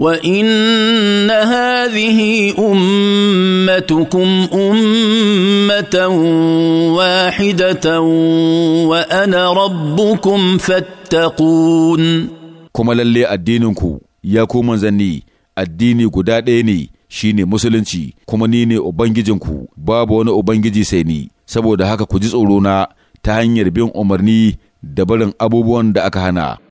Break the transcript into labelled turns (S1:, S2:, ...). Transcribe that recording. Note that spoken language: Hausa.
S1: وان هذه امتكم امه واحده وانا ربكم فاتقون
S2: kuma lalle addininku ya ku manzanni addini guda ɗaya ne shine musulunci kuma ni ne ubangijinku babu wani ubangiji sai ni saboda haka ku ji tsorona ta hanyar bin umarni
S3: da barin abubuwan da aka hana